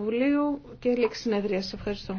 Κοινοβουλίου και λήξη συνεδρίας. Ευχαριστώ.